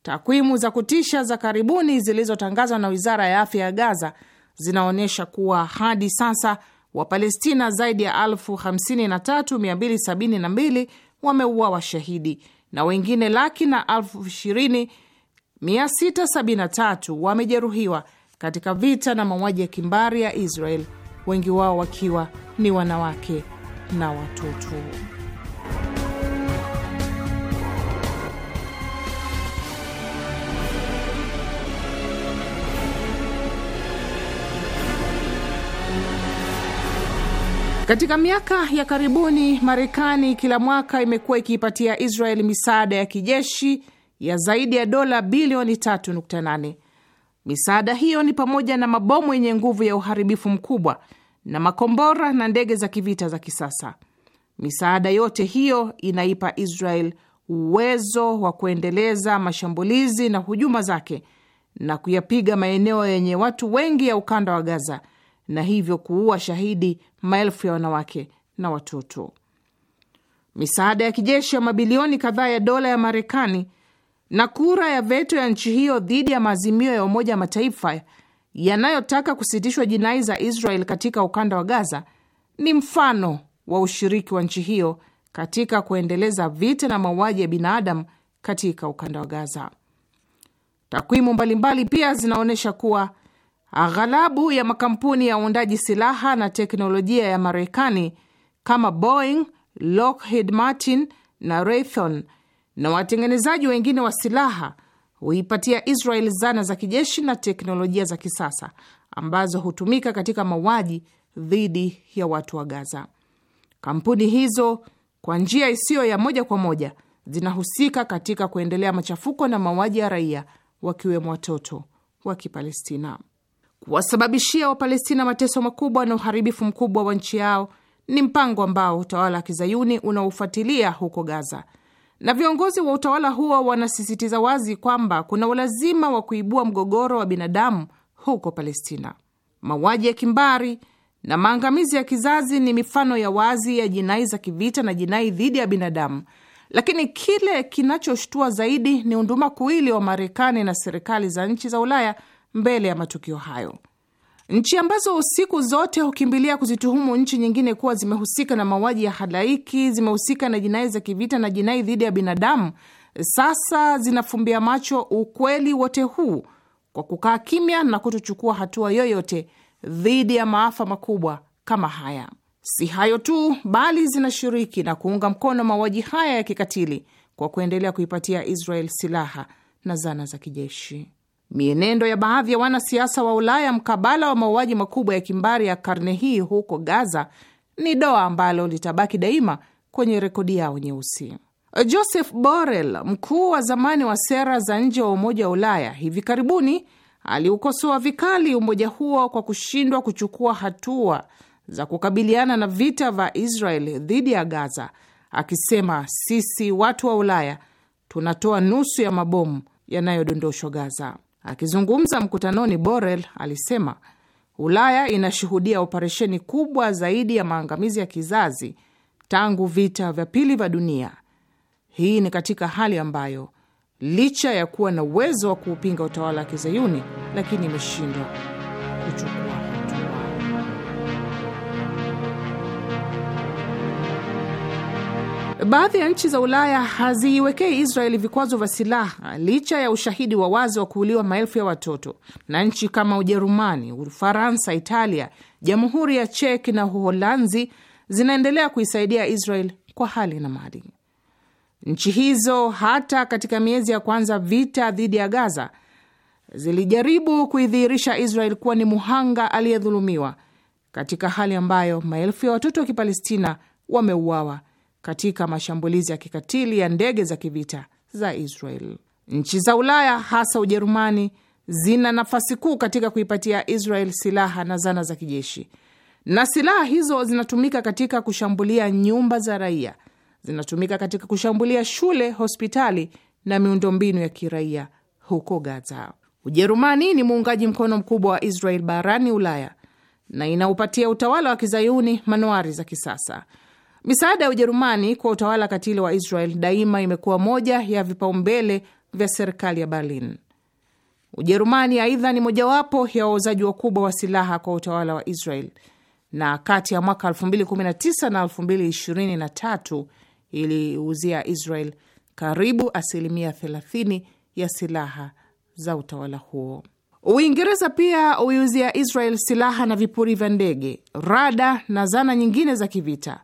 Takwimu za kutisha za karibuni zilizotangazwa na Wizara ya Afya ya Gaza zinaonyesha kuwa hadi sasa Wapalestina zaidi ya 53272 wameuawa shahidi na wengine laki na 20673 wamejeruhiwa katika vita na mauaji ya kimbari ya Israel, wengi wao wakiwa ni wanawake na watoto. Katika miaka ya karibuni, Marekani kila mwaka imekuwa ikiipatia Israel misaada ya kijeshi ya zaidi ya dola bilioni 3.8. Misaada hiyo ni pamoja na mabomu yenye nguvu ya uharibifu mkubwa na makombora na ndege za kivita za kisasa. Misaada yote hiyo inaipa Israel uwezo wa kuendeleza mashambulizi na hujuma zake na kuyapiga maeneo yenye watu wengi ya ukanda wa Gaza na hivyo kuua shahidi maelfu ya wanawake na watoto. Misaada ya kijeshi ya mabilioni kadhaa ya dola ya Marekani na kura ya veto ya nchi hiyo dhidi ya maazimio ya Umoja wa Mataifa yanayotaka kusitishwa jinai za Israel katika ukanda wa Gaza ni mfano wa ushiriki wa nchi hiyo katika kuendeleza vita na mauaji ya binadamu katika ukanda wa Gaza. Takwimu mbalimbali pia zinaonyesha kuwa aghalabu ya makampuni ya uundaji silaha na teknolojia ya Marekani kama Boeing, Lockheed Martin na Raytheon na watengenezaji wengine wa silaha huipatia Israel zana za kijeshi na teknolojia za kisasa ambazo hutumika katika mauaji dhidi ya watu wa Gaza. Kampuni hizo kwa njia isiyo ya moja kwa moja zinahusika katika kuendelea machafuko na mauaji ya raia, wakiwemo watoto wa Kipalestina. Kuwasababishia Wapalestina mateso makubwa na uharibifu mkubwa wa nchi yao ni mpango ambao utawala wa kizayuni unaofuatilia huko Gaza na viongozi wa utawala huo wanasisitiza wazi kwamba kuna ulazima wa kuibua mgogoro wa binadamu huko Palestina. Mauaji ya kimbari na maangamizi ya kizazi ni mifano ya wazi ya jinai za kivita na jinai dhidi ya binadamu, lakini kile kinachoshtua zaidi ni unduma kuili wa Marekani na serikali za nchi za Ulaya mbele ya matukio hayo. Nchi ambazo siku zote hukimbilia kuzituhumu nchi nyingine kuwa zimehusika na mauaji ya halaiki, zimehusika na jinai za kivita na jinai dhidi ya binadamu, sasa zinafumbia macho ukweli wote huu kwa kukaa kimya na kutochukua hatua yoyote dhidi ya maafa makubwa kama haya. Si hayo tu, bali zinashiriki na kuunga mkono mauaji haya ya kikatili kwa kuendelea kuipatia Israel silaha na zana za kijeshi. Mienendo ya baadhi ya wanasiasa wa Ulaya mkabala wa mauaji makubwa ya kimbari ya karne hii huko Gaza ni doa ambalo litabaki daima kwenye rekodi yao nyeusi. Joseph Borrell, mkuu wa zamani wa sera za nje wa Umoja wa Ulaya, hivi karibuni aliukosoa vikali umoja huo kwa kushindwa kuchukua hatua za kukabiliana na vita vya Israel dhidi ya Gaza, akisema sisi watu wa Ulaya tunatoa nusu ya mabomu yanayodondoshwa Gaza. Akizungumza mkutanoni, Borel alisema Ulaya inashuhudia operesheni kubwa zaidi ya maangamizi ya kizazi tangu vita vya pili vya dunia. Hii ni katika hali ambayo licha ya kuwa na uwezo wa kuupinga utawala wa Kizayuni, lakini imeshindwa kuchukua Baadhi ya nchi za Ulaya haziiwekei Israeli vikwazo vya silaha licha ya ushahidi wa wazi wa kuuliwa maelfu ya watoto, na nchi kama Ujerumani, Ufaransa, Italia, Jamhuri ya Cheki na Uholanzi zinaendelea kuisaidia Israel kwa hali na mali. Nchi hizo hata katika miezi ya kwanza vita dhidi ya Gaza zilijaribu kuidhihirisha Israel kuwa ni muhanga aliyedhulumiwa, katika hali ambayo maelfu ya watoto wa Kipalestina wameuawa katika mashambulizi ya kikatili ya ndege za kivita za Israel. Nchi za Ulaya hasa Ujerumani zina nafasi kuu katika kuipatia Israel silaha na zana za kijeshi, na silaha hizo zinatumika katika kushambulia nyumba za raia, zinatumika katika kushambulia shule, hospitali na miundombinu ya kiraia huko Gaza. Ujerumani ni muungaji mkono mkubwa wa Israel barani Ulaya na inaupatia utawala wa kizayuni manuari za kisasa. Misaada ya Ujerumani kwa utawala katili wa Israel daima imekuwa moja ya vipaumbele vya serikali ya Berlin. Ujerumani aidha ni mojawapo ya wauzaji wakubwa wa silaha kwa utawala wa Israel, na kati ya mwaka 2019 na 2023 iliuzia Israel karibu asilimia 30 ya silaha za utawala huo. Uingereza pia uiuzia Israel silaha na vipuri vya ndege, rada na zana nyingine za kivita.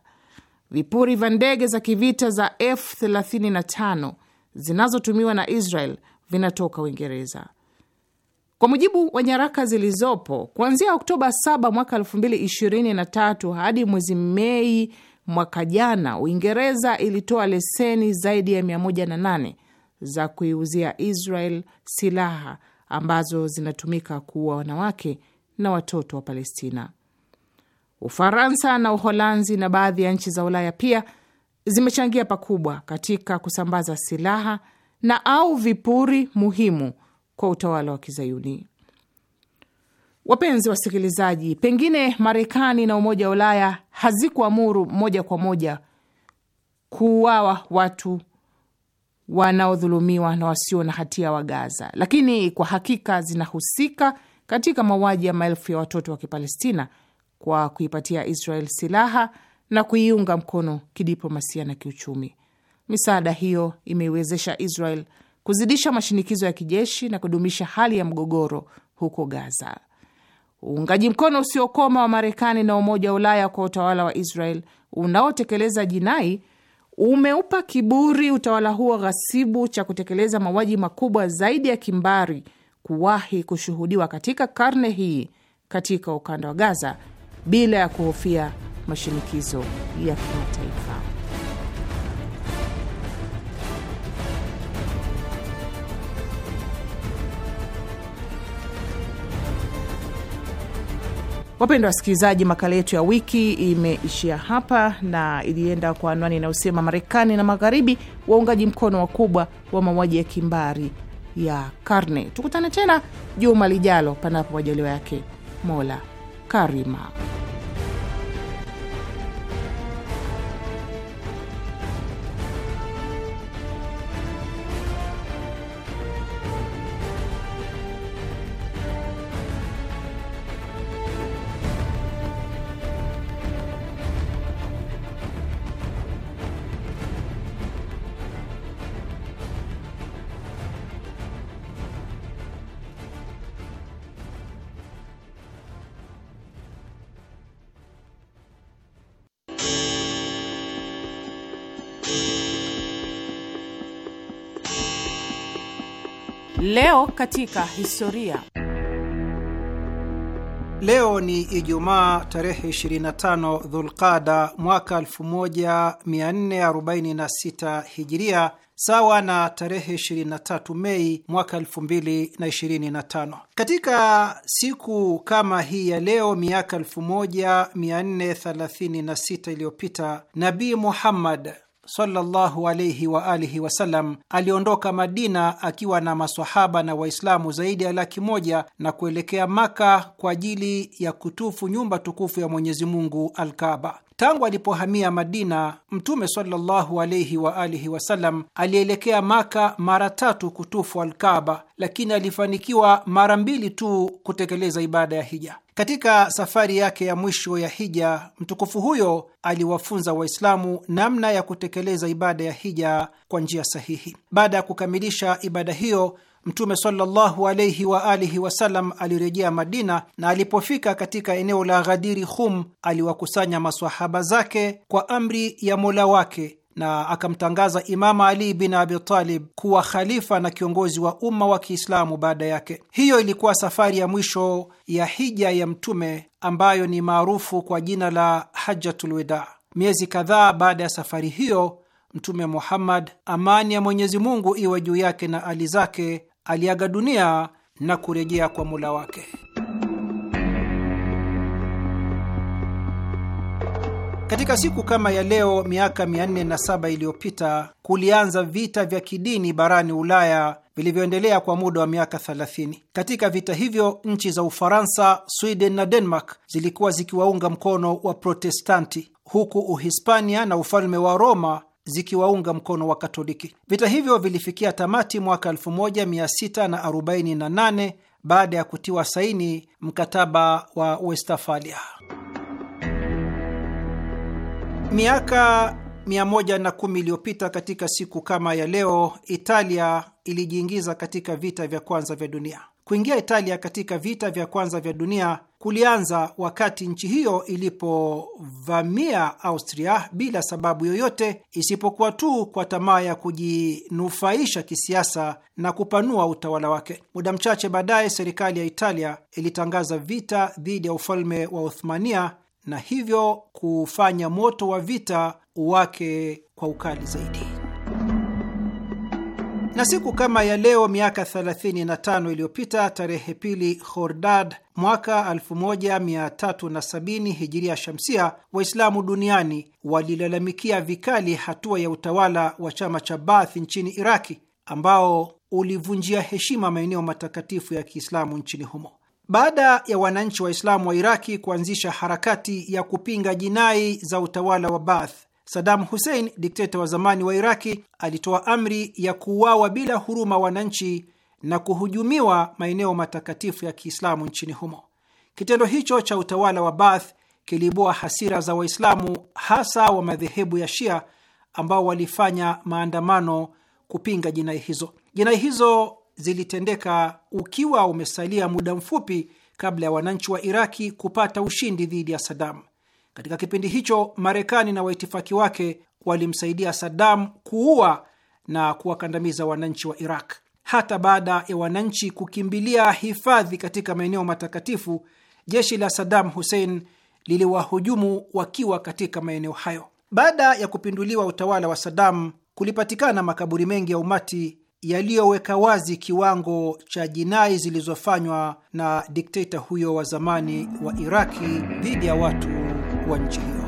Vipuri vya ndege za kivita za F35 zinazotumiwa na Israel vinatoka Uingereza. Kwa mujibu wa nyaraka zilizopo, kuanzia Oktoba 7 mwaka 2023 hadi mwezi Mei mwaka jana, Uingereza ilitoa leseni zaidi ya 108 za kuiuzia Israel silaha ambazo zinatumika kuua wanawake na watoto wa Palestina. Ufaransa na Uholanzi na baadhi ya nchi za Ulaya pia zimechangia pakubwa katika kusambaza silaha na au vipuri muhimu kwa utawala wa Kizayuni. Wapenzi wasikilizaji, pengine Marekani na Umoja wa Ulaya hazikuamuru moja kwa moja kuuawa watu wanaodhulumiwa na wasio na hatia wa Gaza, lakini kwa hakika zinahusika katika mauaji ya maelfu ya watoto wa Kipalestina kwa kuipatia Israel silaha na kuiunga mkono kidiplomasia na kiuchumi. Misaada hiyo imeiwezesha Israel kuzidisha mashinikizo ya kijeshi na kudumisha hali ya mgogoro huko Gaza. Uungaji mkono usiokoma wa Marekani na Umoja wa Ulaya kwa utawala wa Israel unaotekeleza jinai umeupa kiburi utawala huo ghasibu cha kutekeleza mauaji makubwa zaidi ya kimbari kuwahi kushuhudiwa katika karne hii katika ukanda wa Gaza bila ya kuhofia mashinikizo ya kimataifa. Wapendwa wasikilizaji, makala yetu ya wiki imeishia hapa na ilienda kwa anwani inayosema Marekani na Magharibi, waungaji mkono wakubwa wa mauaji ya kimbari ya karne. Tukutane tena juma lijalo, panapo majaliwa yake Mola Karima. Leo katika historia. Leo ni Ijumaa tarehe 25 Dhulqada mwaka 1446 Hijiria, sawa na tarehe 23 Mei mwaka 2025. Katika siku kama hii ya leo miaka 1436 iliyopita Nabii Muhammad sallallahu alaihi wa alihi wasallam aliondoka Madina akiwa na masahaba na Waislamu zaidi ya laki moja na kuelekea Maka kwa ajili ya kutufu nyumba tukufu ya Mwenyezi Mungu, Alkaba. Tangu alipohamia Madina, Mtume sallallahu alaihi wa alihi wasallam alielekea Maka mara tatu kutufu Alkaba, lakini alifanikiwa mara mbili tu kutekeleza ibada ya hija. Katika safari yake ya mwisho ya hija, mtukufu huyo aliwafunza Waislamu namna ya kutekeleza ibada ya hija kwa njia sahihi. Baada ya kukamilisha ibada hiyo Mtume sallallahu wa alihi wasallam alirejea Madina na alipofika katika eneo la Ghadiri Khum, aliwakusanya maswahaba zake kwa amri ya mola wake na akamtangaza Imama Ali bin Abi Talib kuwa khalifa na kiongozi wa umma wa Kiislamu baada yake. Hiyo ilikuwa safari ya mwisho ya hija ya Mtume ambayo ni maarufu kwa jina la Hajjatul Wida. Miezi kadhaa baada ya safari hiyo, Mtume Muhammad, amani ya Mwenyezi Mungu iwe juu yake na ali zake aliaga dunia na kurejea kwa mula wake. Katika siku kama ya leo miaka 407 iliyopita kulianza vita vya kidini barani Ulaya vilivyoendelea kwa muda wa miaka 30. Katika vita hivyo nchi za Ufaransa, Sweden na Denmark zilikuwa zikiwaunga mkono wa Protestanti, huku Uhispania na ufalme wa Roma zikiwaunga mkono wa Katoliki. Vita hivyo vilifikia tamati mwaka 1648 baada ya kutiwa saini mkataba wa Westfalia. Miaka 110 iliyopita katika siku kama ya leo, Italia ilijiingiza katika vita vya kwanza vya dunia. Kuingia Italia katika vita vya kwanza vya dunia kulianza wakati nchi hiyo ilipovamia Austria bila sababu yoyote isipokuwa tu kwa tamaa ya kujinufaisha kisiasa na kupanua utawala wake. Muda mchache baadaye, serikali ya Italia ilitangaza vita dhidi ya ufalme wa Uthmania na hivyo kufanya moto wa vita uwake kwa ukali zaidi. Na siku kama ya leo miaka 35 iliyopita, tarehe pili Khordad mwaka 1370 hijiria shamsia, Waislamu duniani walilalamikia vikali hatua ya utawala wa chama cha Baath nchini Iraki ambao ulivunjia heshima maeneo matakatifu ya Kiislamu nchini humo. Baada ya wananchi Waislamu wa Iraki kuanzisha harakati ya kupinga jinai za utawala wa Baath, Saddam Hussein, dikteta wa zamani wa Iraki, alitoa amri ya kuuawa bila huruma wananchi na kuhujumiwa maeneo matakatifu ya Kiislamu nchini humo. Kitendo hicho cha utawala wa Baath kiliibua hasira za Waislamu hasa wa madhehebu ya Shia ambao walifanya maandamano kupinga jinai hizo. Jinai hizo zilitendeka ukiwa umesalia muda mfupi kabla ya wananchi wa Iraki kupata ushindi dhidi ya Sadamu. Katika kipindi hicho, Marekani na waitifaki wake walimsaidia sadam kuua na kuwakandamiza wananchi wa Iraq. Hata baada ya wananchi kukimbilia hifadhi katika maeneo matakatifu, jeshi la sadam Hussein liliwahujumu wakiwa katika maeneo hayo. Baada ya kupinduliwa utawala wa sadam kulipatikana makaburi mengi ya umati yaliyoweka wazi kiwango cha jinai zilizofanywa na dikteta huyo wa zamani wa Iraki dhidi ya watu wa nchi hiyo.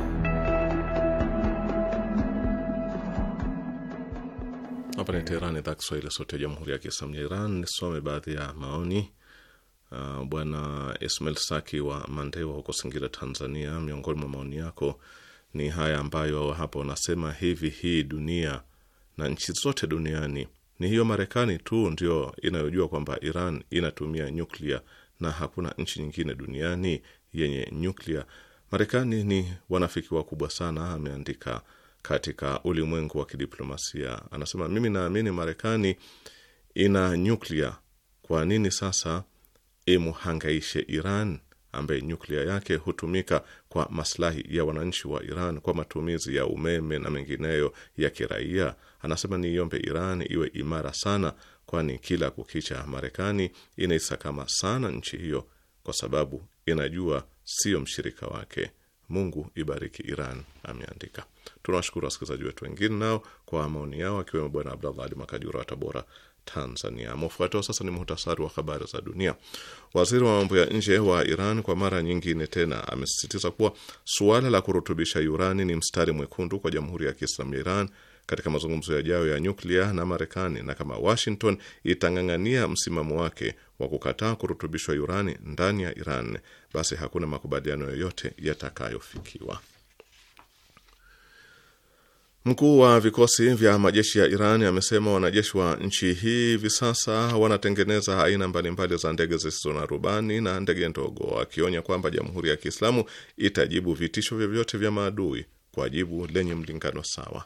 Hapa ni Teherani, idhaa Kiswahili, sauti ya jamhuri ya kiislamu ya Iran. Nisome baadhi ya maoni. Uh, Bwana Ismail Saki wa Mandewa huko Singida, Tanzania, miongoni mwa maoni yako ni haya ambayo hapa unasema hivi, hii dunia na nchi zote duniani ni hiyo Marekani tu ndio inayojua kwamba Iran inatumia nyuklia na hakuna nchi nyingine duniani yenye nyuklia. Marekani ni wanafiki wakubwa sana, ameandika katika ulimwengu wa kidiplomasia. Anasema, mimi naamini Marekani ina nyuklia. Kwa nini sasa imhangaishe Iran ambaye nyuklia yake hutumika kwa maslahi ya wananchi wa Iran kwa matumizi ya umeme na mengineyo ya kiraia. Anasema niiombe Iran iwe imara sana, kwani kila kukicha Marekani inaisakama sana nchi hiyo, kwa sababu inajua sio mshirika wake. Mungu ibariki Iran, ameandika. Tunawashukuru wasikilizaji wetu wengine nao kwa maoni yao, akiwemo Bwana Abdallah Ali Makajura wa Tabora, Tanzania. Mwafuatao sasa ni muhtasari wa habari za dunia. Waziri wa mambo ya nje wa Iran kwa mara nyingine tena amesisitiza kuwa suala la kurutubisha urani ni mstari mwekundu kwa Jamhuri ya Kiislamu ya Iran katika mazungumzo yajayo ya nyuklia na Marekani na kama Washington itang'ang'ania msimamo wake wa kukataa kurutubishwa urani ndani ya Iran, basi hakuna makubaliano yoyote yatakayofikiwa. Mkuu wa vikosi vya majeshi ya Iran amesema wanajeshi wa nchi hii hivi sasa wanatengeneza aina mbalimbali za ndege zisizo na rubani na ndege ndogo, akionya kwamba Jamhuri ya Kiislamu itajibu vitisho vyovyote vya maadui kwa jibu lenye mlingano sawa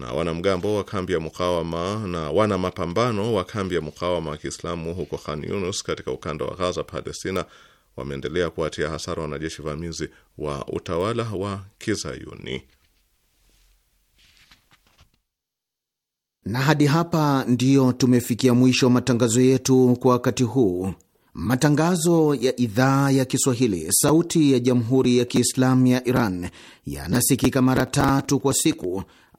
na wanamgambo wa kambi ya mukawama na wana mapambano wa kambi ya mukawama wa Kiislamu huko Khan Yunus katika ukanda wa Gaza, Palestina, wameendelea kuwatia hasara wanajeshi vamizi wa utawala wa Kizayuni. Na hadi hapa ndiyo tumefikia mwisho wa matangazo yetu kwa wakati huu. Matangazo ya idhaa ya Kiswahili, sauti ya jamhuri ya Kiislamu ya Iran yanasikika mara tatu kwa siku